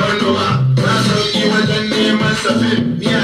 kamar you na sauki wajen neman safi miya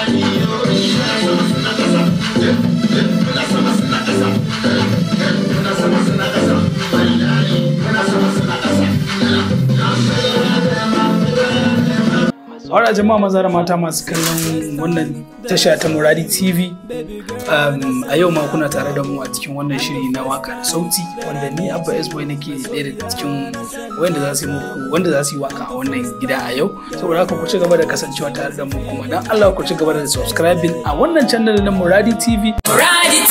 Aura jama'a maza da mata masu kallon wannan tasha ta Muradi TV. Um, a yau ma kuna tare da mu a cikin wannan shiri na waka da sauti wanda ni Abba S boy nake ɗaya daga cikin wanda za su muku wanda za su yi waka a wannan gida a yau. Saboda haka ku ci gaba da kasancewa tare da mu kuma dan Allah ku ci gaba da subscribing a wannan channel na Muradi TV. Muradi